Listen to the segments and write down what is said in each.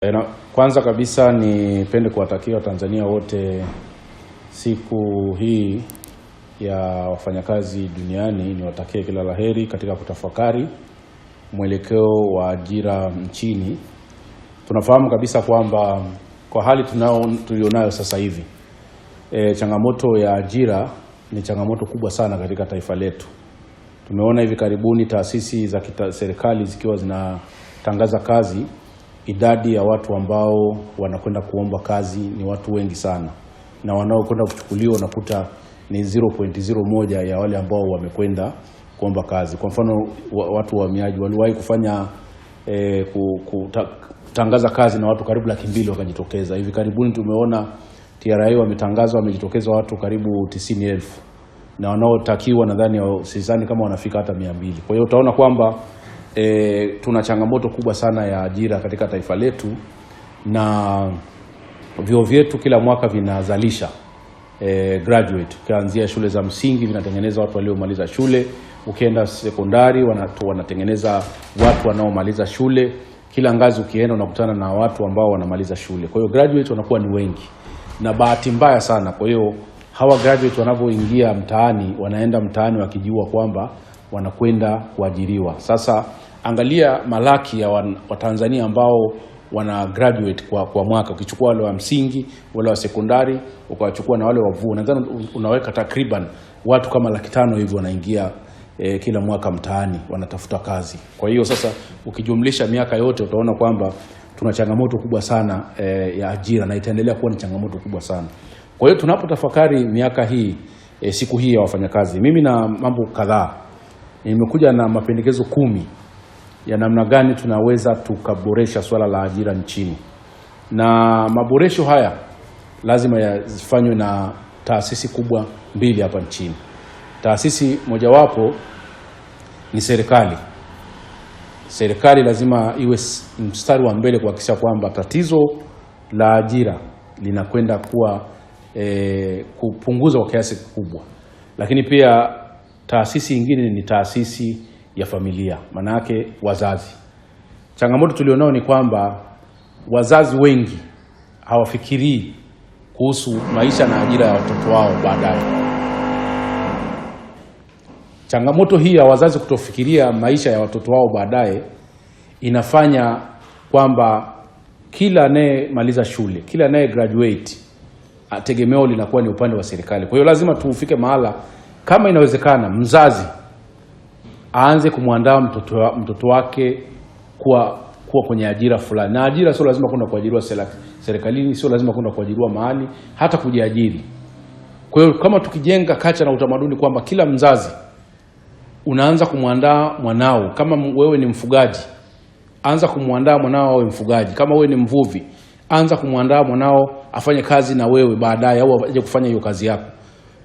Eh, kwanza kabisa nipende kuwatakia Watanzania wote siku hii ya wafanyakazi duniani, niwatakie kila laheri katika kutafakari mwelekeo wa ajira nchini. Tunafahamu kabisa kwamba kwa hali tunao tulionayo sasa hivi e, changamoto ya ajira ni changamoto kubwa sana katika taifa letu. Tumeona hivi karibuni taasisi za serikali zikiwa zinatangaza kazi idadi ya watu ambao wanakwenda kuomba kazi ni watu wengi sana, na wanaokwenda kuchukuliwa unakuta ni 0.01 ya wale ambao wamekwenda kuomba kazi. Kwa mfano, watu wa wahamiaji waliwahi kufanya eh, kutangaza kazi na watu karibu laki mbili wakajitokeza. Hivi karibuni tumeona TRA wametangaza wamejitokeza watu karibu tisini elfu na wanaotakiwa nadhani sizani kama wanafika hata mia mbili. Kwa hiyo utaona kwamba e, tuna changamoto kubwa sana ya ajira katika taifa letu na vyuo vyetu kila mwaka vinazalisha e, graduate ukianzia shule za msingi vinatengeneza watu waliomaliza shule, ukienda sekondari wanatu, wanatengeneza watu wanaomaliza shule. Kila ngazi ukienda unakutana na watu ambao wanamaliza shule, kwa hiyo graduate wanakuwa ni wengi na bahati mbaya sana. Kwa hiyo hawa graduate wanavyoingia mtaani, wanaenda mtaani wakijua kwamba wanakwenda kuajiriwa sasa angalia malaki ya Watanzania wa ambao wana graduate kwa, kwa mwaka ukichukua wale wa msingi wale wa sekondari ukawachukua na wale wa vyuo, nadhani unaweka takriban watu kama laki tano hivi wanaingia eh, kila mwaka mtaani wanatafuta kazi. Kwa hiyo sasa ukijumlisha miaka yote utaona kwamba tuna changamoto kubwa sana eh, ya ajira na itaendelea kuwa ni changamoto kubwa sana. Kwa hiyo tunapotafakari miaka hii eh, siku hii ya wafanyakazi, mimi na mambo kadhaa nimekuja na mapendekezo kumi ya namna gani tunaweza tukaboresha swala la ajira nchini, na maboresho haya lazima yafanywe na taasisi kubwa mbili hapa nchini. Taasisi mojawapo ni serikali. Serikali lazima iwe mstari wa mbele kuhakikisha kwamba tatizo la ajira linakwenda kuwa e, kupunguzwa kwa kiasi kikubwa, lakini pia taasisi nyingine ni taasisi ya familia, manake wazazi. Changamoto tulionao ni kwamba wazazi wengi hawafikirii kuhusu maisha na ajira ya watoto wao baadaye. Changamoto hii ya wazazi kutofikiria maisha ya watoto wao baadaye inafanya kwamba kila anayemaliza shule, kila anaye graduate tegemeo linakuwa ni upande wa serikali. Kwa hiyo lazima tufike mahala, kama inawezekana, mzazi aanze kumwandaa mtoto, wa, mtoto wake kuwa kuwa kwenye ajira fulani. Na ajira sio lazima kwenda kuajiriwa serikalini, sio lazima kwenda kuajiriwa mahali, hata kujiajiri. Kwa hiyo kama tukijenga kacha na utamaduni kwamba kila mzazi unaanza kumwandaa mwanao, kama wewe ni mfugaji, anza kumwandaa mwanao awe mfugaji. Kama wewe ni mvuvi, anza kumwandaa mwanao afanye kazi na wewe baadaye, au aje kufanya hiyo kazi yako.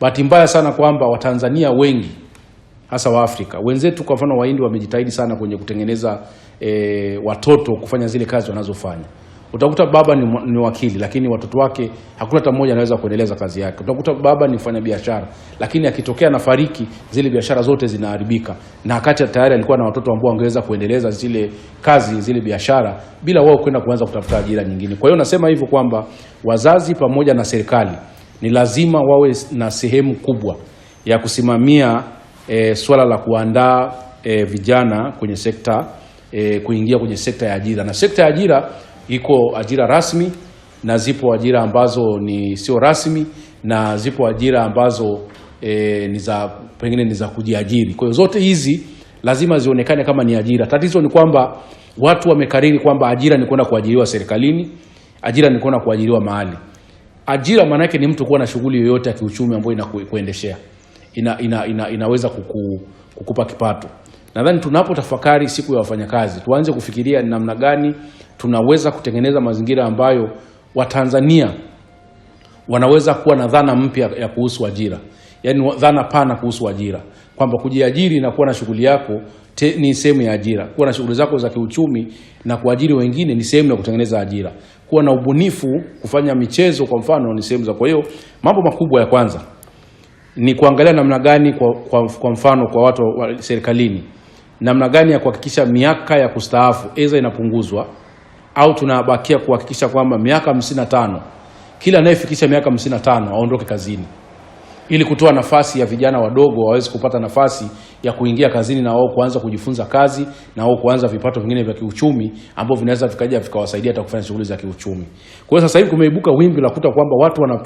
Bahati mbaya sana kwamba Watanzania wengi hasa Waafrika wenzetu. Kwa mfano, Wahindi wamejitahidi sana kwenye kutengeneza e, watoto kufanya zile kazi wanazofanya. Utakuta baba ni, ni wakili lakini watoto wake hakuna hata mmoja anaweza kuendeleza kazi yake. Utakuta baba ni biashara lakini akitokea na fariki, zile biashara zote zinaharibika, na wakati tayari alikuwa na watoto ambao wangeweza kuendeleza zile kazi zile biashara bila wao kwenda kuanza kutafuta ajira nyingine. Kwa hiyo nasema hivyo kwamba wazazi pamoja na serikali ni lazima wawe na sehemu kubwa ya kusimamia e, swala la kuandaa e, vijana kwenye sekta e, kuingia kwenye sekta ya ajira, na sekta ya ajira iko ajira rasmi na zipo ajira ambazo ni sio rasmi na zipo ajira ambazo e, ni za pengine ni za kujiajiri. Kwa hiyo zote hizi lazima zionekane kama ni ajira. Tatizo ni kwamba watu wamekariri kwamba ajira ni kwenda kuajiriwa serikalini, ajira ni kwenda kuajiriwa mahali. Ajira maanake ni mtu kuwa na shughuli yoyote ya kiuchumi ambayo inakuendeshea ina, ina, ina, inaweza kuku, kukupa kipato. Nadhani tunapotafakari siku ya wafanyakazi, tuanze kufikiria namna gani tunaweza kutengeneza mazingira ambayo Watanzania wanaweza kuwa na dhana mpya ya kuhusu ajira, yaani dhana pana kuhusu ajira, kwamba kujiajiri na kuwa na shughuli yako te, ni sehemu ya ajira. Kuwa na shughuli zako za kiuchumi na kuajiri wengine ni sehemu ya kutengeneza ajira. Kuwa na ubunifu, kufanya michezo kwa mfano ni sehemu za. Kwa hiyo mambo makubwa ya kwanza ni kuangalia namna gani kwa, kwa, kwa mfano kwa watu wa serikalini, namna gani ya kuhakikisha miaka ya kustaafu eza inapunguzwa au tunabakia kuhakikisha kwamba miaka 55 kila anayefikisha miaka 55 aondoke kazini ili kutoa nafasi ya vijana wadogo waweze kupata nafasi ya kuingia kazini na wao kuanza kujifunza kazi na wao kuanza vipato vingine vya kiuchumi ambavyo vinaweza vikaja vikawasaidia hata kufanya shughuli za kiuchumi. Kwa hiyo sasa hivi kumeibuka wimbi la kuta kwamba watu wana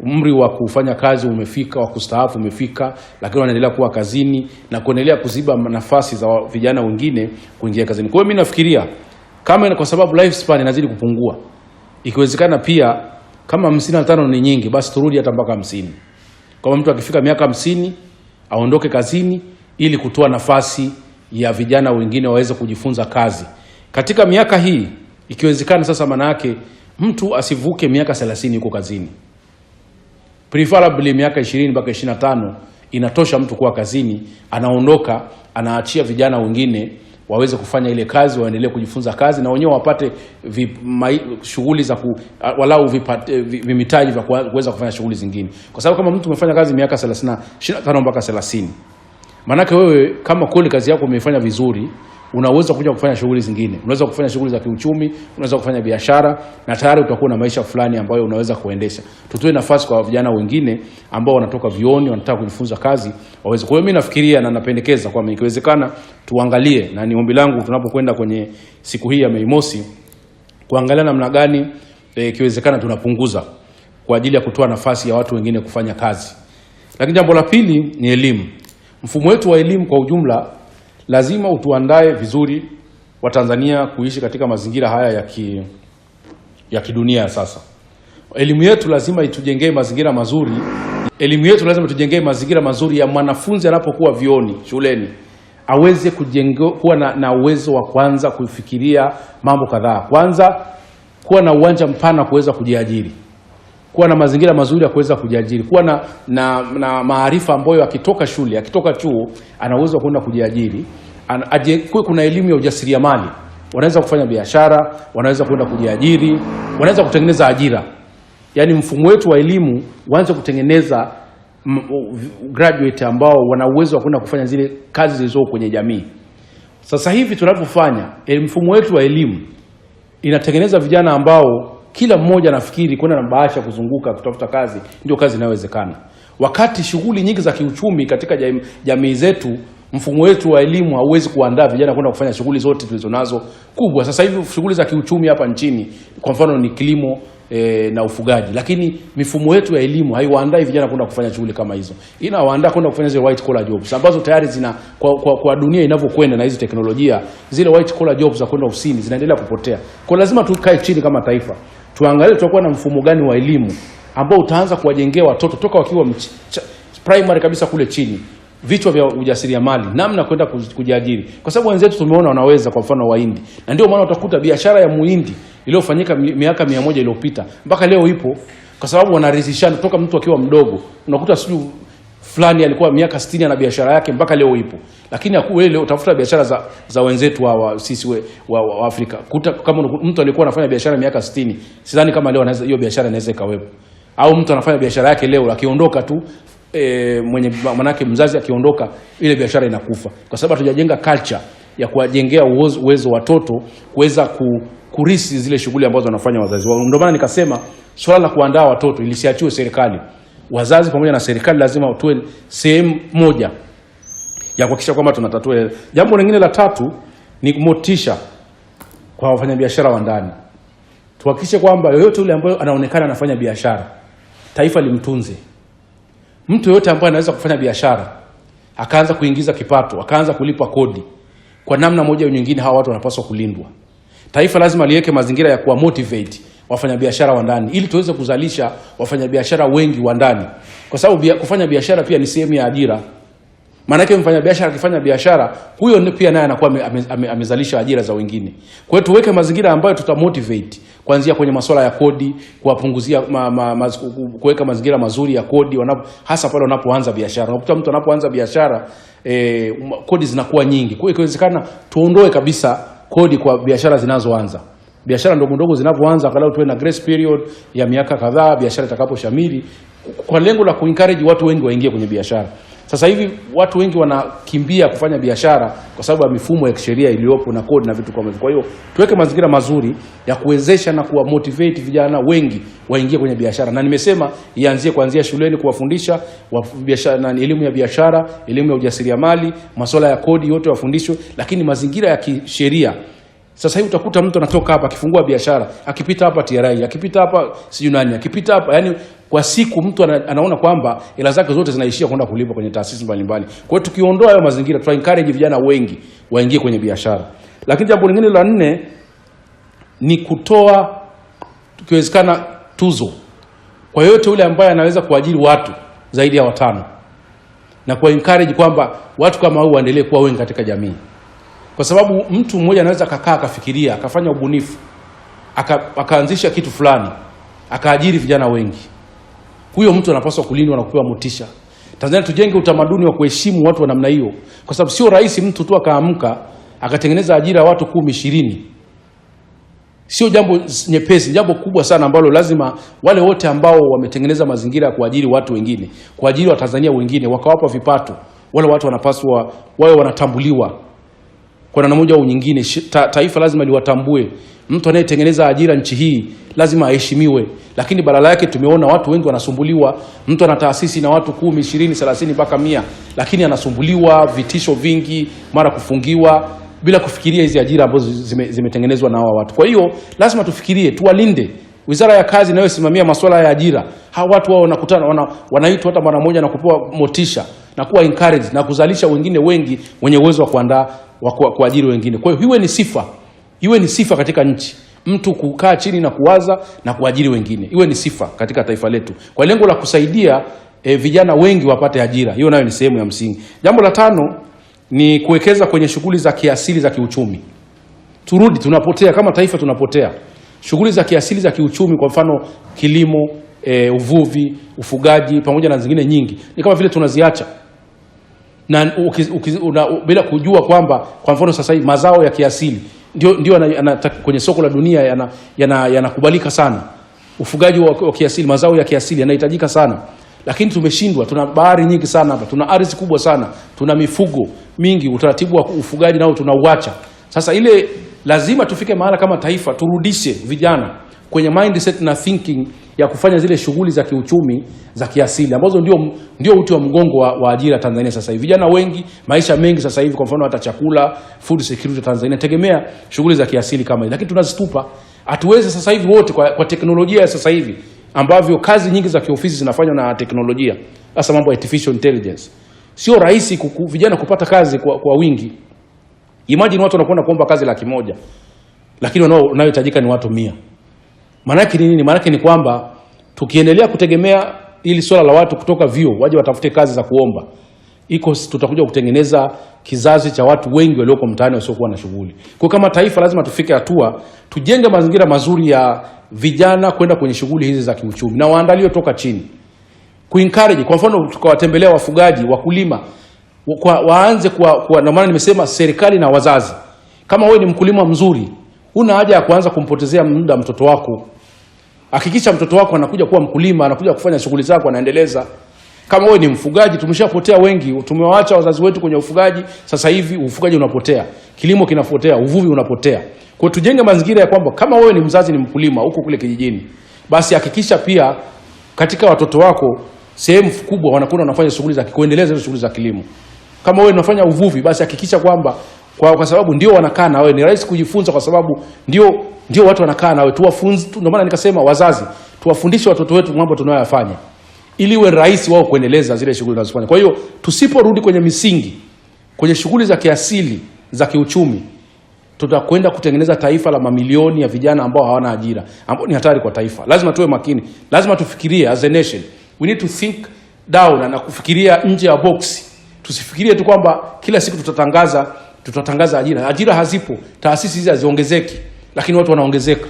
umri wa kufanya kazi umefika, wa kustaafu umefika, lakini wanaendelea kuwa kazini na kuendelea kuziba nafasi za vijana wengine kuingia kazini. Kwa hiyo mimi nafikiria kama kwa sababu lifespan inazidi kupungua, ikiwezekana pia kama 55 ni nyingi, basi turudi hata mpaka 50 kwamba mtu akifika miaka hamsini aondoke kazini ili kutoa nafasi ya vijana wengine waweze kujifunza kazi katika miaka hii ikiwezekana. Sasa maana yake mtu asivuke miaka thelathini yuko kazini, preferably miaka ishirini mpaka 25 inatosha mtu kuwa kazini, anaondoka anaachia vijana wengine waweze kufanya ile kazi, waendelee kujifunza kazi na wenyewe wapate shughuli za ku, walau vimitaji vya kuweza kufanya shughuli zingine, kwa sababu kama mtu umefanya kazi miaka 30 25 mpaka 30, maanake wewe kama kweli kazi yako umeifanya vizuri unaweza kuja kufanya shughuli zingine, unaweza kufanya shughuli za kiuchumi, unaweza kufanya biashara na tayari utakuwa na maisha fulani ambayo unaweza kuendesha. Tutoe nafasi kwa vijana wengine ambao wanatoka vioni wanataka kujifunza kazi waweze. Kwa hiyo mimi nafikiria na napendekeza kwamba ikiwezekana tuangalie, na ni ombi langu tunapokwenda kwenye siku hii ya Mei Mosi kuangalia namna gani eh, ikiwezekana e, tunapunguza kwa ajili ya kutoa nafasi ya watu wengine kufanya kazi. Lakini jambo la pili ni elimu. Mfumo wetu wa elimu kwa ujumla lazima utuandae vizuri Watanzania kuishi katika mazingira haya ya, ki, ya kidunia. Sasa elimu yetu lazima itujengee mazingira mazuri, elimu yetu lazima itujengee mazingira mazuri ya mwanafunzi anapokuwa vioni shuleni aweze kujengo, kuwa na, na uwezo wa kwanza kufikiria mambo kadhaa, kwanza kuwa na uwanja mpana kuweza kujiajiri kuwa na mazingira mazuri ya kuweza kujiajiri, kuwa na, na, na maarifa ambayo akitoka shule akitoka chuo ana uwezo wa kwenda kujiajiri. Kuna elimu ya ujasiriamali, wanaweza kufanya biashara, wanaweza kwenda kujiajiri, wanaweza kutengeneza ajira. Yaani mfumo wetu wa elimu uanze kutengeneza graduate ambao wana uwezo wa kwenda kufanya zile kazi zilizo kwenye jamii. Sasa hivi tunavyofanya eh, mfumo wetu wa elimu inatengeneza vijana ambao kila mmoja anafikiri kwenda na bahasha kuzunguka kutafuta kazi ndio kazi inayowezekana, wakati shughuli nyingi za kiuchumi katika jamii zetu, mfumo wetu wa elimu hauwezi kuandaa vijana kwenda kufanya shughuli zote tulizonazo kubwa. Sasa hivi shughuli za kiuchumi hapa nchini kwa mfano ni kilimo e, na ufugaji, lakini mifumo yetu ya elimu haiwaandai vijana kwenda kufanya shughuli kama hizo, inawaandaa kwenda kufanya zile white collar jobs ambazo tayari zina kwa, kwa, kwa dunia inavyokwenda na hizi teknolojia, zile white collar jobs za kwenda ofisini zinaendelea kupotea. Kwa lazima tukae chini kama taifa tuangalie tutakuwa na mfumo gani wa elimu ambao utaanza kuwajengea watoto toka wakiwa primary kabisa kule chini vichwa vya ujasiriamali, namna kwenda kujiajiri, kwa sababu wenzetu tumeona wanaweza, kwa mfano Wahindi, na ndio maana utakuta biashara ya Muhindi iliyofanyika miaka mia moja iliyopita mpaka leo ipo, kwa sababu wanarizishana toka mtu akiwa mdogo, unakuta sijui fulani alikuwa miaka 60 na biashara yake mpaka leo ipo, lakini leo utafuta biashara za, za wenzetu hawa sisi we, wa, wa Afrika kuta, kama mtu alikuwa anafanya biashara miaka 60 sidhani kama leo anaweza hiyo biashara inaweza ikawepo, au mtu anafanya biashara yake leo akiondoka tu e, mwenye manake mzazi akiondoka ile biashara inakufa, kwa sababu hatujajenga culture ya kuwajengea uwezo watoto kuweza ku, kurisi zile shughuli ambazo wanafanya wazazi wao. Ndio maana nikasema swala la kuandaa watoto ilisiachiwe serikali wazazi pamoja na serikali lazima utoe sehemu moja ya kuhakikisha kwamba tunatatua. Jambo lingine la tatu ni motisha kwa wafanyabiashara wa ndani, tuhakikishe kwamba yoyote yule ambaye anaonekana anafanya biashara taifa limtunze. Mtu yoyote ambaye anaweza kufanya biashara akaanza kuingiza kipato akaanza kulipa kodi, kwa namna moja au nyingine, hawa watu wanapaswa kulindwa. Taifa lazima liweke mazingira ya kuwa motivate wafanyabiashara wa ndani ili tuweze kuzalisha wafanyabiashara wengi wa ndani, kwa sababu bia, kufanya biashara pia ni sehemu ya ajira. Maanake mfanyabiashara akifanya biashara huyo pia naye anakuwa amezalisha ame, ame ajira za wengine. Kwa hiyo tuweke mazingira ambayo tutamotivate kuanzia kwenye masuala ya kodi, kuwapunguzia ma, ma, ma, kuweka mazingira mazuri ya kodi wanapo, hasa pale wanapoanza biashara. Unakuta mtu anapoanza biashara eh, kodi zinakuwa nyingi. Kwa hiyo ikiwezekana tuondoe kabisa kodi kwa biashara zinazoanza biashara ndogo ndogo zinavyoanza, angalau tuwe na grace period ya miaka kadhaa, biashara itakaposhamili, kwa lengo la kuencourage watu wengi waingie kwenye biashara. Sasa hivi watu wengi wanakimbia kufanya biashara kwa sababu ya mifumo ya kisheria iliyopo na kodi na vitu kama hivyo. Kwa hiyo tuweke mazingira mazuri ya kuwezesha na kuwa motivate vijana wengi waingie kwenye biashara, na nimesema ianzie kuanzia shuleni kuwafundisha biashara na elimu ya biashara, elimu ya ujasiriamali, masuala ya kodi yote wafundishwe, lakini mazingira ya kisheria sasa hivi utakuta mtu anatoka hapa akifungua biashara, akipita hapa TRI, akipita hapa siyo nani, akipita hapa yani, kwa siku mtu ana, anaona kwamba hela zake zote zinaishia kwenda kulipa kwenye taasisi mbalimbali. Kwa hiyo tukiondoa hayo mazingira, tuna encourage vijana wengi waingie kwenye biashara. Lakini jambo lingine la nne ni kutoa tukiwezekana tuzo kwa yote yule ambaye anaweza kuajiri watu zaidi ya watano na kwa encourage kwamba watu kama hao waendelee kuwa wengi katika jamii kwa sababu mtu mmoja anaweza akakaa akafikiria akafanya ubunifu aka, akaanzisha kitu fulani akaajiri vijana wengi. Huyo mtu anapaswa kulindwa na kupewa motisha. Tanzania tujenge utamaduni wa kuheshimu watu wa namna hiyo, kwa sababu sio rahisi mtu tu akaamka akatengeneza ajira ya watu kumi ishirini. Sio jambo nyepesi, jambo kubwa sana ambalo lazima wale wote ambao wametengeneza mazingira ya kuajiri watu wengine, kuajiri Watanzania wengine, wakawapa vipato, wale watu wanapaswa wawe wanatambuliwa kwa namna moja au nyingine. Ta, taifa lazima liwatambue. Mtu anayetengeneza ajira nchi hii lazima aheshimiwe, lakini badala yake tumeona watu wengi wanasumbuliwa. Mtu ana taasisi na watu kumi, ishirini, thelathini mpaka mia, lakini anasumbuliwa, vitisho vingi, mara kufungiwa bila kufikiria hizi ajira ambazo zimetengenezwa zime na hawa watu. Kwa hiyo lazima tufikirie, tuwalinde. Wizara ya Kazi inayosimamia masuala ya ajira, hawa watu wao wanakutana, wanaitwa hata mara moja na kupewa motisha na kuwa encouraged na kuzalisha wengine wengi wenye uwezo wa kuandaa wa kuajiri wengine. Kwa hiyo iwe ni sifa, iwe ni sifa katika nchi mtu kukaa chini na kuwaza na kuajiri wengine, iwe ni sifa katika taifa letu kwa lengo la kusaidia e, vijana wengi wapate ajira. Hiyo nayo ni sehemu ya msingi. Jambo la tano ni kuwekeza kwenye shughuli za kiasili za kiuchumi. Turudi, tunapotea kama taifa, tunapotea shughuli za kiasili za kiuchumi, kwa mfano kilimo, e, uvuvi, ufugaji pamoja na zingine nyingi, ni kama vile tunaziacha na ukiz, ukiz, una, bila kujua kwamba kwa mfano sasa hivi mazao ya kiasili ndio, ndio ana, ana, kwenye soko la dunia yanakubalika yana, yana sana. Ufugaji wa, wa kiasili, mazao ya kiasili yanahitajika sana, lakini tumeshindwa. Tuna bahari nyingi sana hapa, tuna ardhi kubwa sana, tuna mifugo mingi, utaratibu wa ufugaji nao tunauacha. Sasa ile lazima tufike mahala kama taifa turudishe vijana kwenye mindset na thinking ya kufanya zile shughuli za kiuchumi za kiasili ambazo ndio, ndio uti wa mgongo wa, wa ajira Tanzania sasa hivi. Vijana wengi, maisha mengi sasa hivi, kwa mfano hata chakula, food security Tanzania tegemea shughuli za kiasili kama hizi, lakini tunazitupa. Hatuwezi sasa hivi wote kwa, kwa teknolojia ya sasa hivi ambavyo kazi nyingi za kiofisi zinafanywa na teknolojia, hasa mambo ya artificial intelligence. Sio rahisi kuku, vijana kupata kazi kwa, kwa wingi. Imagine watu wanakwenda kuomba kazi laki moja lakini wanaohitajika ni watu mia. Maanake ni nini? Maanake ni kwamba tukiendelea kutegemea ili swala la watu kutoka vyuo waje watafute kazi za kuomba iko tutakuja kutengeneza kizazi cha watu wengi walioko mtaani wasiokuwa na shughuli. Kwa kama taifa lazima tufike hatua tujenge mazingira mazuri ya vijana kwenda kwenye shughuli hizi za kiuchumi na waandaliwe toka chini. Ku encourage kwa mfano tukawatembelea wafugaji, wakulima kwa, waanze kwa, kwa na maana nimesema serikali na wazazi. Kama wewe ni mkulima mzuri, una haja ya kuanza kumpotezea muda mtoto wako Hakikisha mtoto wako anakuja kuwa mkulima, anakuja kufanya shughuli zako, anaendeleza. Kama wewe ni mfugaji, tumeshapotea wengi, tumewaacha wazazi wetu kwenye ufugaji. Sasa hivi ufugaji unapotea, kilimo kinapotea, uvuvi unapotea. Kwa tujenge mazingira ya kwamba kama wewe ni mzazi, ni mkulima huko kule kijijini, basi hakikisha pia katika watoto wako sehemu kubwa wanakuwa wanafanya shughuli za kuendeleza hizo shughuli za kilimo. Kama wewe unafanya uvuvi, basi hakikisha kwamba kwa, kwa sababu ndio wanakaa na wewe, ni rahisi kujifunza, kwa sababu ndio ndio watu wanakaa nawe, tuwafunze. Ndio maana nikasema wazazi, tuwafundishe watoto wetu mambo tunayoyafanya, ili iwe rahisi wao kuendeleza zile shughuli wanazofanya. Kwa hiyo tusiporudi kwenye misingi, kwenye shughuli za kiasili za kiuchumi, tutakwenda kutengeneza taifa la mamilioni ya vijana ambao hawana ajira, ambao ni hatari kwa taifa. Lazima tuwe makini, lazima tufikirie as a nation, we need to think down na kufikiria nje ya box. Tusifikirie tu kwamba kila siku tutatangaza tutatangaza ajira. Ajira hazipo, taasisi hizi haziongezeki lakini watu wanaongezeka,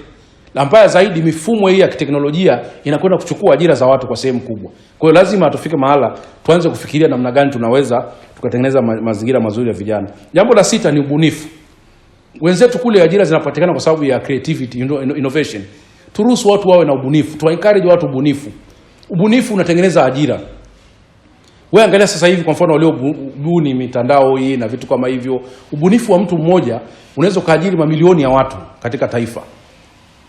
na mbaya zaidi mifumo hii ya kiteknolojia inakwenda kuchukua ajira za watu kwa sehemu kubwa. Kwa hiyo lazima tufike mahala tuanze kufikiria namna gani tunaweza tukatengeneza mazingira mazuri ya vijana. Jambo la sita ni ubunifu. Wenzetu kule ajira zinapatikana kwa sababu ya creativity, innovation. Turuhusu watu wawe na ubunifu, tuencourage watu ubunifu. Ubunifu unatengeneza ajira. Wewe angalia sasa hivi kwa mfano waliobuni mitandao hii na vitu kama hivyo, ubunifu wa mtu mmoja unaweza ukaajiri mamilioni ya watu katika taifa.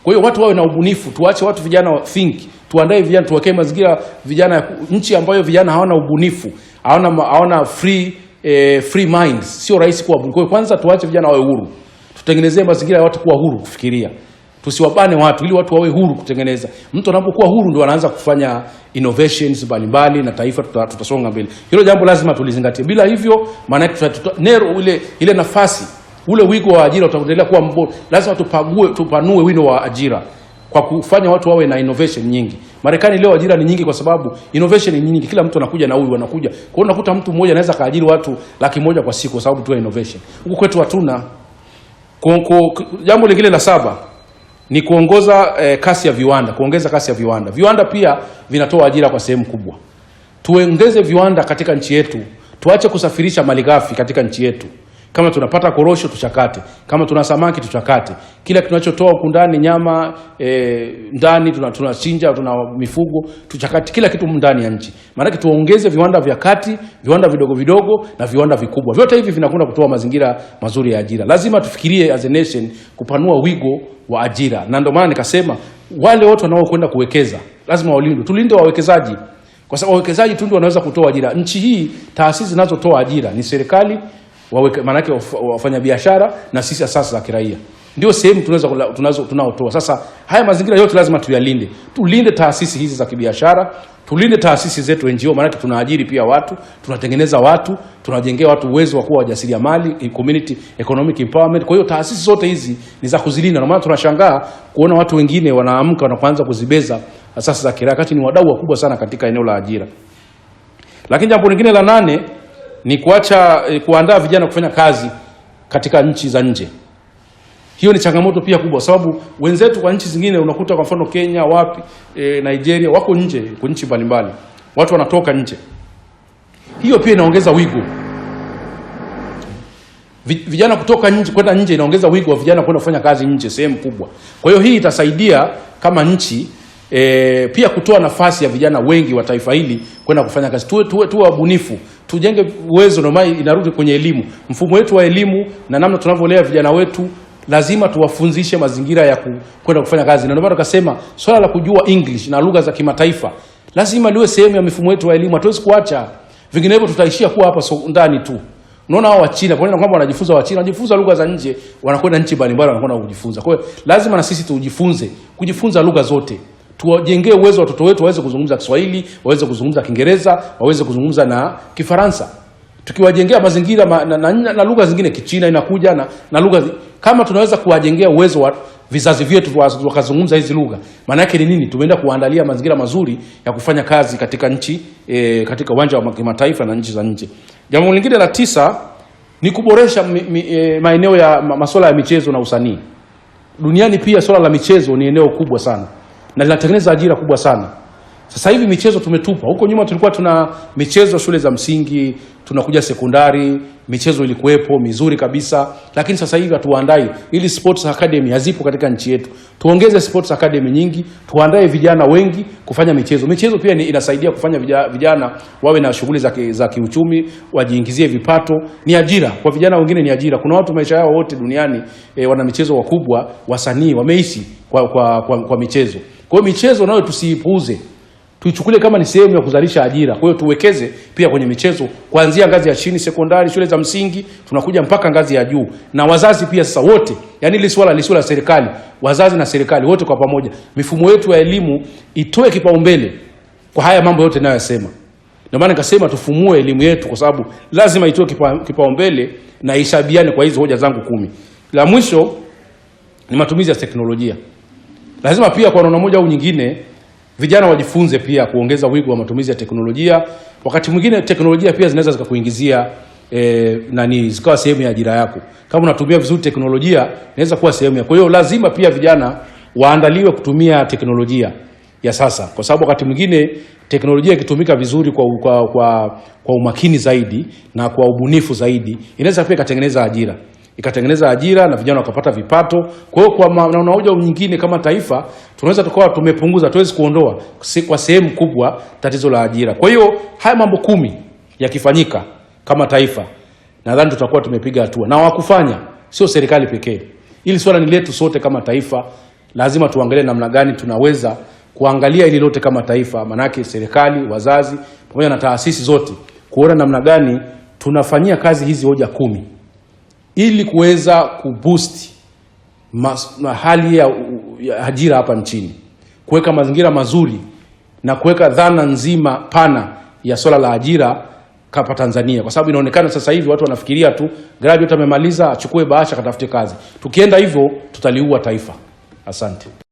Kwa hiyo watu wawe na ubunifu, tuache watu vijana wa think, tuandae vijana, tuwekee mazingira vijana, nchi ambayo vijana hawana ubunifu, hawana hawana free eh, free minds, sio rahisi kuwa bunifu. Kwa kwanza tuache vijana wawe huru, tutengenezee mazingira ya watu kuwa huru kufikiria tusiwabane watu ili watu wawe huru kutengeneza. Mtu anapokuwa huru ndio anaanza kufanya innovations mbalimbali na taifa tuta, tutasonga mbele. Hilo jambo lazima tulizingatie, bila hivyo maana nero ile, ile nafasi ule wigo wa ajira utaendelea kuwa mbovu. Lazima tupague tupanue wino wa ajira kwa kufanya watu wawe na innovation nyingi. Marekani leo ajira ni nyingi kwa sababu innovation ni nyingi, kila mtu anakuja na huyu anakuja. Kwa hiyo unakuta mtu mmoja anaweza kaajiri watu laki moja kwa siku kwa sababu tu ya innovation. Huko kwetu hatuna. Kwa Jambo lingine la saba ni kuongoza eh, kasi ya viwanda, kuongeza kasi ya viwanda. Viwanda pia vinatoa ajira kwa sehemu kubwa. Tuongeze viwanda katika nchi yetu, tuache kusafirisha malighafi katika nchi yetu. Kama tunapata korosho tuchakate, kama tuna samaki tuchakate. Kila tunachotoa huku ndani nyama e, ndani tunachinja, tuna, tuna mifugo tuchakate, kila kitu ndani ya nchi. Maanake tuongeze viwanda vya kati, viwanda vidogo vidogo na viwanda vikubwa. Vyote hivi vinakwenda kutoa mazingira mazuri ya ajira. Lazima tufikirie as a nation kupanua wigo wa ajira, na ndio maana nikasema wale wote wanaokwenda kuwekeza lazima walindwe. Tulinde wawekezaji kwa sababu wawekezaji tu ndio wanaweza kutoa ajira. Nchi hii taasisi zinazotoa ajira ni serikali waweke maanake wafanya biashara na sisi asasi za kiraia ndio sehemu tunaweza tunazo tunaotoa. Sasa haya mazingira yote lazima tuyalinde, tulinde taasisi hizi za kibiashara, tulinde taasisi zetu NGO, maanake tunaajiri pia watu, tunatengeneza watu, tunajengea watu uwezo wa kuwa wajasiria mali community economic empowerment. Kwa hiyo taasisi zote hizi ni za kuzilinda, na maana tunashangaa kuona watu wengine wanaamka wanaanza kuzibeza asasi za kiraia, kati ni wadau wakubwa sana katika eneo la ajira. Lakini jambo lingine la nane ni kuacha eh, kuandaa vijana kufanya kazi katika nchi za nje. Hiyo ni changamoto pia kubwa, sababu wenzetu kwa nchi zingine unakuta kwa mfano Kenya, wapi eh, Nigeria, wako nje kwa nchi mbalimbali, watu wanatoka nje. Hiyo pia inaongeza wigo vijana kutoka nje kwenda nje, inaongeza wigo wa vijana kwenda kufanya kazi nje sehemu kubwa. Kwa hiyo hii itasaidia kama nchi E, pia kutoa nafasi ya vijana wengi wa taifa hili kwenda kufanya kazi. Tuwe tuwe tuwe wabunifu, tujenge uwezo. Ndio maana inarudi kwenye elimu, mfumo wetu wa elimu na namna tunavyolea vijana wetu, lazima tuwafunzishe mazingira ya kwenda kufanya kazi, na ndio maana tukasema swala la kujua English na lugha za kimataifa lazima liwe sehemu ya mifumo yetu wa elimu. Hatuwezi kuacha, vinginevyo tutaishia kuwa hapa so, ndani tu. Unaona hao wa China pamoja na kwamba wanajifunza wa China, wanajifunza lugha za nje, wanakwenda nchi mbalimbali, wanakwenda kujifunza. Kwa hiyo lazima na sisi tujifunze kujifunza lugha zote tuwajengee uwezo watoto wetu waweze kuzungumza Kiswahili, waweze kuzungumza Kiingereza, waweze kuzungumza na Kifaransa. Tukiwajengea mazingira ma, na, na, na, na lugha zingine Kichina inakuja na, na lugha kama tunaweza kuwajengea uwezo wa vizazi vyetu wakazungumza hizi lugha, maana yake ni nini? Tumeenda kuandalia mazingira mazuri ya kufanya kazi katika nchi e, katika uwanja wa kimataifa na nchi za nje. Jambo lingine la tisa ni kuboresha e, maeneo ya masuala ya michezo na usanii. Duniani pia swala la michezo ni eneo kubwa sana na linatengeneza ajira kubwa sana. Sasa hivi michezo tumetupa. Huko nyuma tulikuwa tuna michezo shule za msingi, tunakuja sekondari, michezo ilikuwepo mizuri kabisa, lakini sasa hivi hatuandai Ili sports academy hazipo katika nchi yetu. Tuongeze sports academy nyingi, tuandae vijana wengi kufanya michezo. Michezo pia ni inasaidia kufanya vijana, wawe na shughuli za, za kiuchumi, wajiingizie vipato, ni ajira kwa vijana wengine, ni ajira. Kuna watu maisha yao wote duniani e, wana michezo wakubwa, wasanii wameishi kwa, kwa, kwa, kwa michezo. Kwa michezo nayo tusiipuuze, tuichukulie kama ni sehemu ya kuzalisha ajira. Kwa hiyo tuwekeze pia kwenye michezo kuanzia ngazi ya chini, sekondari, shule za msingi, tunakuja mpaka ngazi ya juu, na wazazi pia sasa wote, yani ile swala lisio la serikali, wazazi na serikali wote kwa pamoja, mifumo yetu ya elimu itoe kipaumbele kwa haya mambo yote ninayoyasema. Ndio maana nikasema tufumue elimu yetu, kwa sababu lazima itoe kipaumbele kipa na ishabiane kwa hizo hoja zangu kumi. La mwisho ni matumizi ya teknolojia. Lazima pia kwa namna moja au nyingine vijana wajifunze pia kuongeza wigo wa matumizi ya teknolojia. Wakati mwingine teknolojia pia zinaweza zikakuingizia e, nani zikawa sehemu ya ajira yako. Kama unatumia vizuri teknolojia inaweza kuwa sehemu ya. Kwa hiyo lazima pia vijana waandaliwe kutumia teknolojia ya sasa, kwa sababu wakati mwingine teknolojia ikitumika vizuri kwa, kwa, kwa, kwa umakini zaidi na kwa ubunifu zaidi inaweza pia ikatengeneza ajira ikatengeneza ajira na vijana wakapata vipato. Kwa hiyo kwa namna moja nyingine, kama taifa tunaweza tukawa tumepunguza, tuwezi kuondoa kwa sehemu kubwa tatizo la ajira. Kwa hiyo haya mambo kumi yakifanyika kama taifa, nadhani tutakuwa tumepiga hatua, na wakufanya sio serikali pekee. Ili swala ni letu sote kama taifa, lazima tuangalie namna gani tunaweza kuangalia ili lote kama taifa, manake serikali, wazazi pamoja na taasisi zote, kuona namna gani tunafanyia kazi hizi hoja kumi ili kuweza kuboost hali ya, ya ajira hapa nchini, kuweka mazingira mazuri na kuweka dhana nzima pana ya swala la ajira hapa Tanzania, kwa sababu inaonekana sasa hivi watu wanafikiria tu graduate amemaliza achukue bahasha akatafute kazi. Tukienda hivyo tutaliua taifa. Asante.